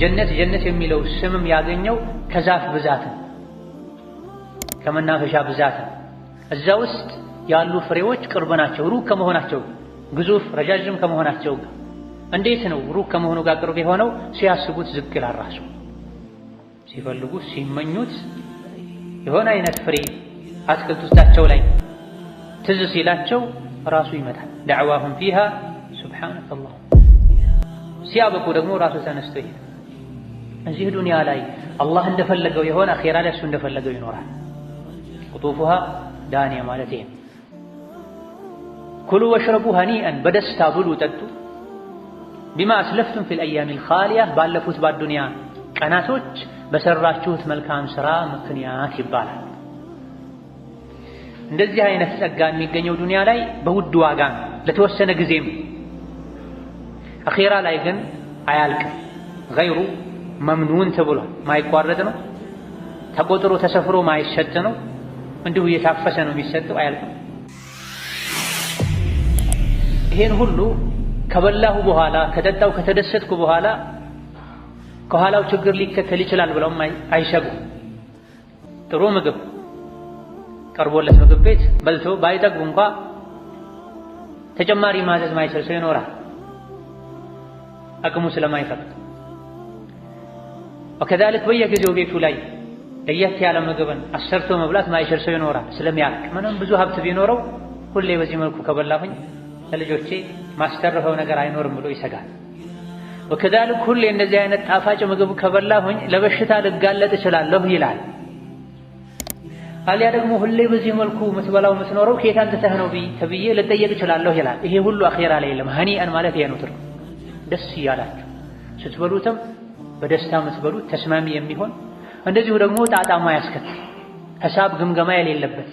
ጀነት ጀነት የሚለው ስምም ያገኘው ከዛፍ ብዛት ከመናፈሻ ብዛት እዛ ውስጥ ያሉ ፍሬዎች ቅርብ ናቸው። ሩቅ ከመሆናቸው ግዙፍ ረጃጅም ከመሆናቸው ጋር እንዴት ነው ሩቅ ከመሆኑ ጋር ቅርብ የሆነው? ሲያስቡት ዝቅ ይላል ራሱ ሲፈልጉ ሲመኙት የሆነ አይነት ፍሬ አትክልቶቻቸው ላይ ትዝ ሲላቸው ራሱ ይመጣል። ዳዕዋሁም ፊሃ ሱብሓነከ አላህ ሲያበቁ ደግሞ ራሱ ተነስቶ ይሄዳል። እዚህ ዱንያ ላይ አላህ እንደፈለገው የሆነ አኼራ ላይ እሱ እንደፈለገው ይኖራል። ቁጡፉሃ ዳንያ ማለት ይሄ። ኩሉ ወሽረቡ ሀኒአን በደስታ ብሉ ጠጡ። ቢማ አስለፍቱም ፊል አያሚል ኻሊያ ባለፉት ባዱንያ ቀናቶች በሰራችሁት መልካም ሥራ ምክንያት ይባላል። እንደዚህ አይነት ጸጋ የሚገኘው ዱንያ ላይ በውድ ዋጋ ለተወሰነ ጊዜም፣ አኼራ ላይ ግን አያልቅም ገይሩ መምኑን ተብሏል። ማይቋረጥ ነው፣ ተቆጥሮ ተሰፍሮ ማይሰጥ ነው። እንዲሁ እየታፈሰ ነው የሚሰጠው፣ አያልቅም። ይሄን ሁሉ ከበላሁ በኋላ ከጠጣው ከተደሰትኩ በኋላ ከኋላው ችግር ሊከተል ይችላል ብለውም አይሰጉ። ጥሩ ምግብ ቀርቦለት ምግብ ቤት በልቶ ባይጠግብ እንኳ ተጨማሪ ማዘዝ ማይችል ሰው ይኖራል አቅሙ ስለማይፈቅድ ወከዛልክ በየጊዜው ቤቱ ላይ ለየት ያለ ምግብን አሰርቶ መብላት ማይችል ሰው ይኖራል። ስለሚያቅ ምንም ብዙ ሀብት ቢኖረው ሁሌ በዚህ መልኩ ከበላሁኝ ለልጆቼ ማስተርፈው ነገር አይኖርም ብሎ ይሰጋል። ወከዛልክ ሁሌ እንደዚህ አይነት ጣፋጭ ምግብ ከበላሁኝ ለበሽታ ልጋለጥ እችላለሁ ይላል። አሊያ ደግሞ ሁሌ በዚህ መልኩ የምትበላው የምትኖረው ከየት አንተተህ ነው ተብዬ ልጠየቅ እችላለሁ ይላል። ይሄ ሁሉ አኼራ ላይ የለም። ሀኒአን ማለት ይሄ ነው። ትርጉም ደስ እያላችሁ ስትበሉትም በደስታ የምትበሉት ተስማሚ የሚሆን እንደዚሁ ደግሞ ጣጣማ ያስከትል ሂሳብ ግምገማ የሌለበት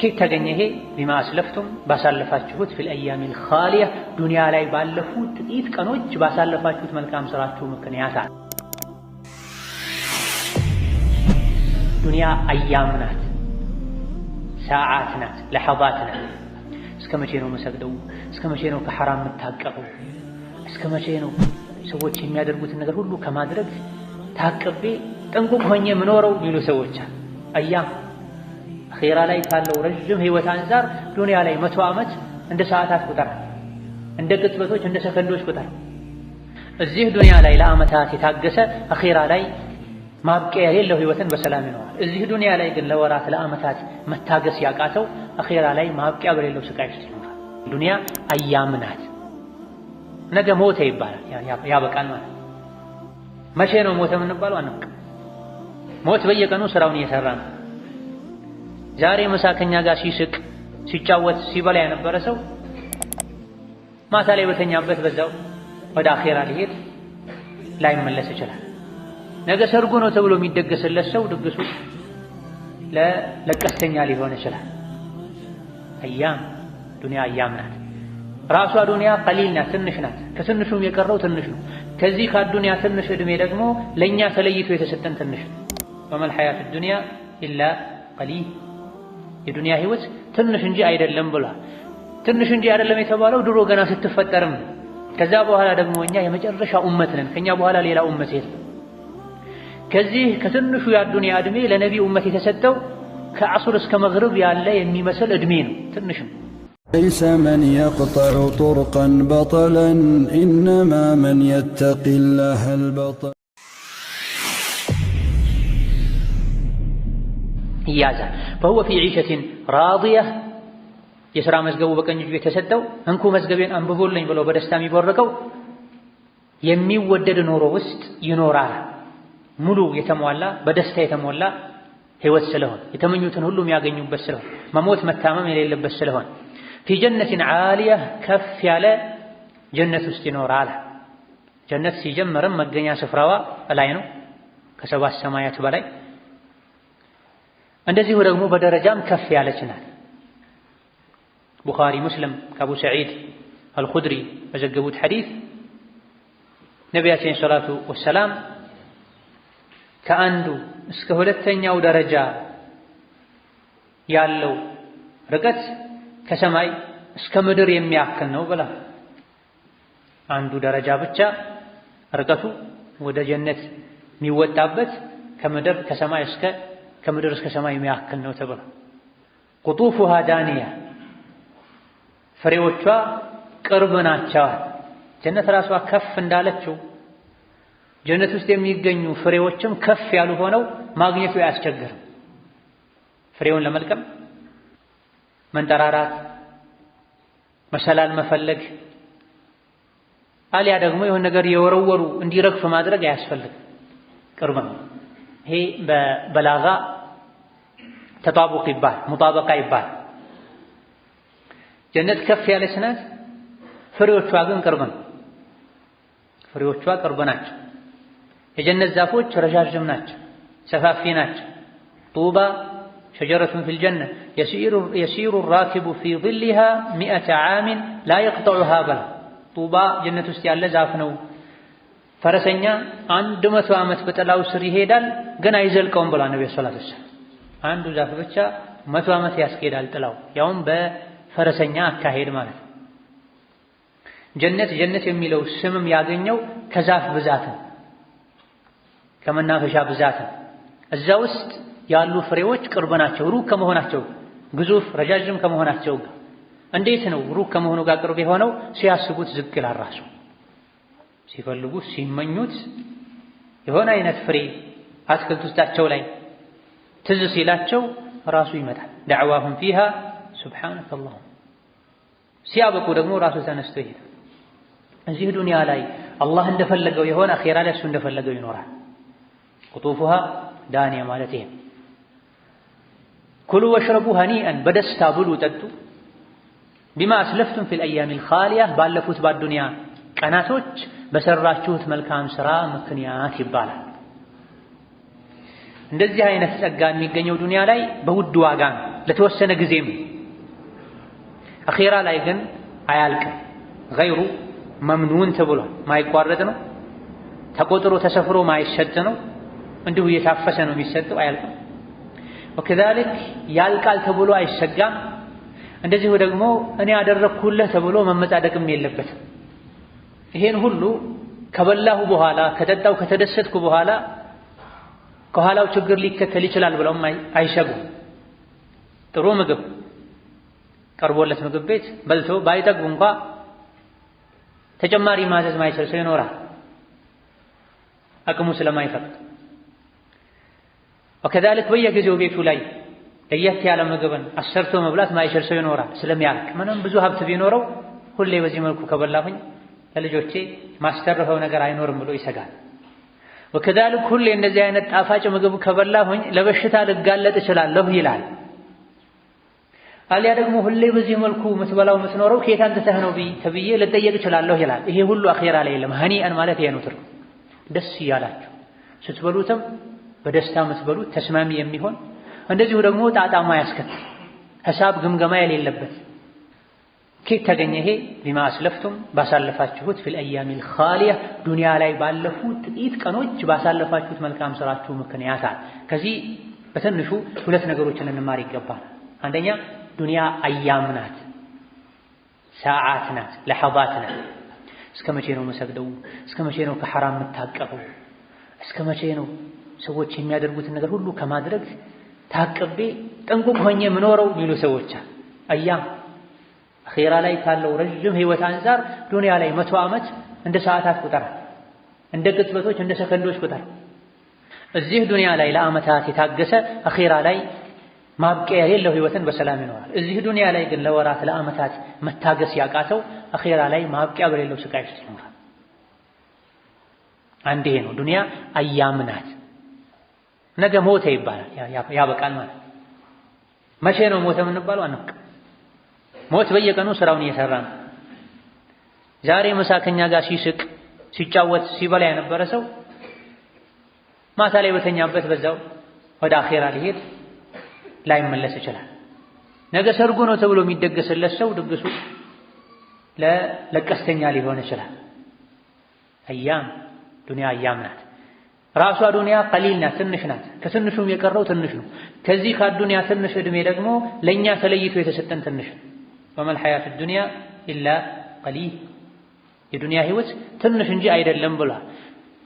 ኬት ተገኘ ይሄ ቢማ አስለፍቱም ባሳለፋችሁት ፊል አያሚል ኻሊያ ዱንያ ላይ ባለፉት ጥቂት ቀኖች ባሳለፋችሁት መልካም ስራችሁ ምክንያት አለ። ዱንያ አያም ናት፣ ሰዓት ናት፣ ናት። እስከ መቼ ነው መሰግደው? እስከ መቼ ነው ከሐራም የምታቀበው? እስከ መቼ ነው ሰዎች የሚያደርጉትን ነገር ሁሉ ከማድረግ ታቅቤ ጠንቁቅ ሆኜ የምኖረው የሚሉ ሰዎች አሉ። አያም አኼራ ላይ ካለው ረዥም ህይወት አንፃር ዱንያ ላይ መቶ ዓመት እንደ ሰዓታት ቁጥር፣ እንደ ቅጽበቶች፣ እንደ ሰከንዶች ቁጥር። እዚህ ዱንያ ላይ ለዓመታት የታገሰ አኼራ ላይ ማብቂያ የሌለው ህይወትን በሰላም ይኖራል። እዚህ ዱንያ ላይ ግን ለወራት ለዓመታት መታገስ ያቃተው አኼራ ላይ ማብቂያ በሌለው ስቃይ ውስጥ ይኖራል። ዱንያ አያም ናት። ነገ ሞተ ይባላል። ያበቃል ማለት መቼ ነው ሞተ የምንባለው? አናውቅ። ሞት በየቀኑ ስራውን እየሰራ ነው። ዛሬ ምሳ ከኛ ጋር ሲስቅ ሲጫወት ሲበላ የነበረ ሰው ማታ ላይ በተኛበት በዛው ወደ አኼራ ሊሄድ ላይመለስ ይችላል። ነገ ሰርጉ ነው ተብሎ የሚደገስለት ሰው ድግሱ ለቀስተኛ ሊሆን ይችላል። አያም ዱንያ አያም ናት። ራሷ ዱንያ ቀሊል ናት፣ ትንሽ ናት። ከትንሹም የቀረው ትንሽ ነው። ከዚህ ከአዱንያ ትንሽ እድሜ ደግሞ ለእኛ ተለይቶ የተሰጠን ትንሽ ነው። ወመል ሐያቱ ዱንያ ኢላ ቀሊል፣ የዱንያ ህይወት ትንሽ እንጂ አይደለም ብሏል። ትንሽ እንጂ አይደለም የተባለው ድሮ ገና ስትፈጠርም፣ ከዛ በኋላ ደግሞ እኛ የመጨረሻ ኡመት ነን። ከኛ በኋላ ሌላ ኡመት የለም። ከዚህ ከትንሹ የአዱንያ እድሜ ለነቢ ኡመት የተሰጠው ከዐሱር እስከ መግሪብ ያለ የሚመስል እድሜ ነው። ትንሽ ነው። ليس من يقطع طرقا بطلا إنما من يتقي الله البطل ይያዛል فهو في عيشة راضية የሥራ መዝገቡ በቀኝ እጁ የተሰጠው እንኩ መዝገቤን አንብቦልኝ ብሎ በደስታ የሚቦርቀው የሚወደድ ኑሮ ውስጥ ይኖራል። ሙሉ የተሟላ በደስታ የተሞላ ሕይወት ስለሆን የተመኙትን ሁሉ የሚያገኙበት ስለሆን መሞት መታመም የሌለበት ስለሆን ፊ ጀነቲን ዓሊያ ከፍ ያለ ጀነት ውስጥ ይኖራል። ጀነት ሲጀመርም መገኛ ስፍራዋ ላይ ነው፣ ከሰባት ሰማያት በላይ እንደዚሁ ደግሞ በደረጃም ከፍ ያለች ናት። ቡኻሪ ሙስሊም ከአቡ ሰዒድ አልኹድሪ በዘገቡት ሐዲስ ነቢያችን ሰላቱ ወሰላም ከአንዱ እስከ ሁለተኛው ደረጃ ያለው ርቀት ከሰማይ እስከ ምድር የሚያክል ነው ብላ አንዱ ደረጃ ብቻ ርቀቱ ወደ ጀነት የሚወጣበት ከምድር ከሰማይ እስከ ከምድር እስከ ሰማይ የሚያክል ነው ተብላ ቁጡፉሃ ዳንያ ፍሬዎቿ ቅርብ ናቸዋል። ጀነት ራሷ ከፍ እንዳለችው ጀነት ውስጥ የሚገኙ ፍሬዎችም ከፍ ያሉ ሆነው ማግኘቱ አያስቸግርም። ፍሬውን ለመልቀም መንጠራራት፣ መሰላል መፈለግ አሊያ ደግሞ የሆነ ነገር የወረወሩ እንዲረግፍ ማድረግ አያስፈልግም። ቅርብ ነው። ይሄ በበላጋ ተጣቡቅ ይባል ሙጣበቃ ይባል። ጀነት ከፍ ያለች ናት፣ ፍሬዎቿ ግን ቅርብ ነው። ፍሬዎቿ ቅርብ ናቸው። የጀነት ዛፎች ረዣዥም ናቸው፣ ሰፋፊ ናቸው። ጡባ ሸጀረቱን ፊል ጀነ የሲሩ ራኪቡ ፊ ዚልሃ ሚአተ ዓሚን ላ የቅጠዑሃ በላ ጡባ ጀነት ውስጥ ያለ ዛፍ ነው። ፈረሰኛ አንድ መቶ ዓመት በጥላው ስር ይሄዳል፣ ግን አይዘልቀውም ብሏል ነቢ ሰላት ወሰላም። አንዱ ዛፍ ብቻ መቶ ዓመት ያስኬዳል ጥላው፣ ያውም በፈረሰኛ አካሄድ ማለት ነው። ጀነት ጀነት የሚለው ስምም ያገኘው ከዛፍ ብዛት ነው፣ ከመናፈሻ ብዛት እዛ ውስጥ ያሉ ፍሬዎች ቅርብ ናቸው ሩቅ ከመሆናቸው ግዙፍ ረጃጅም ከመሆናቸው ጋር እንዴት ነው ሩቅ ከመሆኑ ጋር ቅርብ የሆነው? ሲያስቡት ዝቅ ይላል ራሱ ሲፈልጉት ሲመኙት የሆነ አይነት ፍሬ አትክልት ውስጣቸው ላይ ትዝ ሲላቸው ራሱ ይመጣል። ዳዕዋሁም ፊሃ ሱብሓነከ አላሁ ሲያበቁ ደግሞ ራሱ ተነስቶ ይሄዳል። እዚህ ዱንያ ላይ አላህ እንደፈለገው የሆነ አኼራ ላይ እሱ እንደፈለገው ይኖራል። ቁጡፉሃ ዳንያ ማለት ይሄ ኩሉ ወሽረቡ ሀኒአን በደስታ ብሉ ጠጡ። ቢማ አስለፍቱም ፊል አያሚል ኻሊያ ባለፉት ባዱንያ ቀናቶች በሰራችሁት መልካም ስራ ምክንያት ይባላል። እንደዚህ አይነት ጸጋ የሚገኘው ዱንያ ላይ በውድ ዋጋ ነው፣ ለተወሰነ ጊዜም። አኼራ ላይ ግን አያልቅም። ገይሩ መምኑን ተብሏል። ማይቋረጥ ነው፣ ተቆጥሮ ተሰፍሮ ማይሰጥ ነው። እንዲሁ እየታፈሰ ነው የሚሰጠው፣ አያልቅም። ወከዛሊክ ያልቃል ተብሎ አይሰጋም። እንደዚሁ ደግሞ እኔ ያደረግኩልህ ተብሎ መመጻደቅም የለበትም። ይሄን ሁሉ ከበላሁ በኋላ ከጠጣው ከተደሰትኩ በኋላ ከኋላው ችግር ሊከተል ይችላል ብለውም አይሰጉም። ጥሩ ምግብ ቀርቦለት ምግብ ቤት በልቶ ባይጠግብ እንኳ ተጨማሪ ማዘዝ ማይችል ሰው ይኖራል አቅሙ ስለማይፈቅድ ወከዛልክ በየጊዜው ቤቱ ላይ ለየት ያለ ምግብን አሰርቶ መብላት ማይችል ሰው ይኖራል። ስለሚያልቅ ምንም ብዙ ሀብት ቢኖረው ሁሌ በዚህ መልኩ ከበላሁኝ ለልጆቼ ማስተርፈው ነገር አይኖርም ብሎ ይሰጋል። ወከዛልክ ሁሌ እንደዚህ አይነት ጣፋጭ ምግብ ከበላሁኝ ለበሽታ ልጋለጥ እችላለሁ ይላል። አሊያ ደግሞ ሁሌ በዚህ መልኩ የምትበላው የምትኖረው ከየት አንተተህ ነው ተብዬ ልጠየቅ እችላለሁ ይላል። ይሄ ሁሉ አኼራ ላይ የለም። ሀኒአን ማለት ይሄ ነው ትርጉም። ደስ እያላችሁ ስትበሉትም በደስታ የምትበሉት ተስማሚ የሚሆን እንደዚሁ ደግሞ ጣጣማ ያስከትል ሂሳብ ግምገማ የሌለበት ኬት ተገኘ ይሄ ቢማ አስለፍቱም ባሳለፋችሁት ፊል አያሚል ኻሊያ ዱንያ ላይ ባለፉ ጥቂት ቀኖች ባሳለፋችሁት መልካም ስራችሁ ምክንያት አለ። ከዚህ በትንሹ ሁለት ነገሮችን እንማር ይገባል። አንደኛ ዱንያ አያም ናት፣ ሰዓት ናት፣ ለሐባት ናት። እስከ መቼ ነው መሰግደው? እስከ መቼ ነው ከሐራም የምታቀፈው? እስከ መቼ ነው ሰዎች የሚያደርጉትን ነገር ሁሉ ከማድረግ ታቅቤ ጥንቁቅ ሆኜ የምኖረው የሚሉ ሰዎች አያ አኼራ ላይ ካለው ረዥም ህይወት አንፃር ዱንያ ላይ መቶ ዓመት እንደ ሰዓታት ቁጥር፣ እንደ ቅጽበቶች፣ እንደ ሰከንዶች ቁጥር። እዚህ ዱንያ ላይ ለዓመታት የታገሰ አኼራ ላይ ማብቂያ የሌለው ህይወትን በሰላም ይኖራል። እዚህ ዱንያ ላይ ግን ለወራት ለዓመታት መታገስ ያቃተው አኼራ ላይ ማብቂያ በሌለው ስቃይ ውስጥ ይኖራል። አንዴ ነው ዱንያ አያምናት ነገ ሞተ ይባላል። ያበቃል ማለት መቼ ነው ሞተ የምንባለው? አናውቅ። ሞት በየቀኑ ስራውን እየሰራ ነው። ዛሬ ምሳ ከኛ ጋር ሲስቅ ሲጫወት ሲበላ የነበረ ሰው ማታ ላይ በተኛበት በዛው ወደ አኼራ ሊሄድ ላይመለስ ይችላል። ነገ ሰርጉ ነው ተብሎ የሚደገስለት ሰው ድግሱ ለቀስተኛ ሊሆን ይችላል። አያም ዱንያ አያም ናት። ራሷ ዱንያ ቀሊል ናት፣ ትንሽ ናት። ከትንሹም የቀረው ትንሽ ነው። ከዚህ ከአዱንያ ትንሽ እድሜ ደግሞ ለእኛ ተለይቶ የተሰጠን ትንሽ ነው። ወመል ሐያቱ ዱንያ ኢላ ቀሊል፣ የዱንያ ህይወት ትንሽ እንጂ አይደለም ብሏል።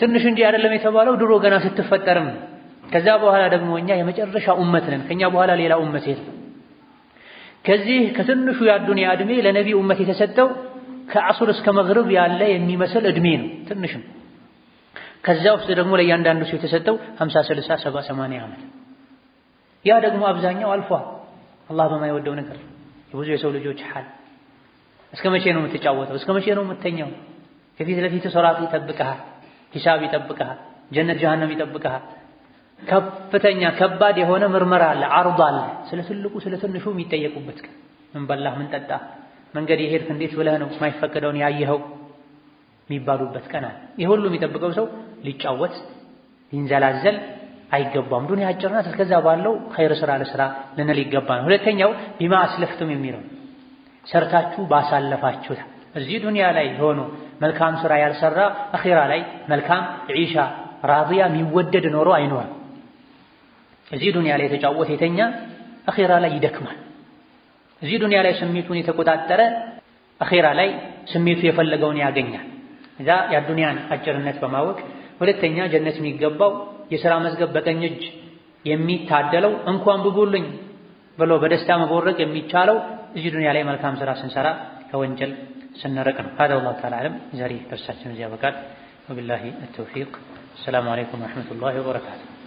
ትንሽ እንጂ አይደለም የተባለው ድሮ ገና ስትፈጠርም፣ ከዛ በኋላ ደግሞ እኛ የመጨረሻ ኡመት ነን። ከኛ በኋላ ሌላ ኡመት የለም። ከዚህ ከትንሹ የአዱንያ እድሜ ለነቢ ኡመት የተሰጠው ከዐሱር እስከ መግሪብ ያለ የሚመስል እድሜ ነው። ትንሽም ከዛ ውስጥ ደግሞ ለእያንዳንዱ ሰው የተሰጠው 50፣ 60፣ 70፣ 80 ዓመት። ያ ደግሞ አብዛኛው አልፏል። አላህ በማይወደው ነገር የብዙ የሰው ልጆች ሐል። እስከ መቼ ነው የምትጫወተው? እስከ መቼ ነው የምትተኛው? ከፊት ለፊት ሶላት ይጠብቅሃል፣ ሂሳብ ይጠብቀሃል ጀነት ጀሃነም ይጠብቅሃል። ከፍተኛ ከባድ የሆነ ምርመራ አለ፣ አርዱ አለ። ስለ ትልቁ ስለ ትንሹ የሚጠየቁበት ቀን። ምን በላህ? ምን ጠጣ? መንገድ የሄድክ እንዴት ብለህ ነው የማይፈቀደውን ያየኸው? የሚባሉበት ቀን አለ። ይህ ሁሉ የሚጠብቀው ሰው ሊጫወት ሊንዘላዘል አይገባም። ዱንያ አጭር ናት። እስከዛ ባለው ኸይር ስራ ለስራ ልንል ይገባ ነው። ሁለተኛው ቢማ አስለፍቱም የሚለው ሰርታችሁ ባሳለፋችሁት እዚህ ዱንያ ላይ ሆኖ መልካም ስራ ያልሰራ አኺራ ላይ መልካም ዒሻ ራዲያ የሚወደድ ኖሮ አይኖርም። እዚህ ዱንያ ላይ የተጫወተ የተኛ አኺራ ላይ ይደክማል። እዚህ ዱንያ ላይ ስሜቱን የተቆጣጠረ አኺራ ላይ ስሜቱ የፈለገውን ያገኛል። እዛ የዱንያን አጭርነት በማወቅ ሁለተኛ ጀነት የሚገባው የሥራ መዝገብ በቀኝ እጅ የሚታደለው እንኳን ብጉልኝ ብሎ በደስታ መቦረቅ የሚቻለው እዚህ ዱንያ ላይ መልካም ሥራ ስንሰራ ከወንጀል ስንርቅ ነው። هذا والله تعالى أعلم ዛሬ ደርሳችን እዚህ ያበቃል። ወቢላሂ التوفيق السلام عليكم ورحمة الله وبركاته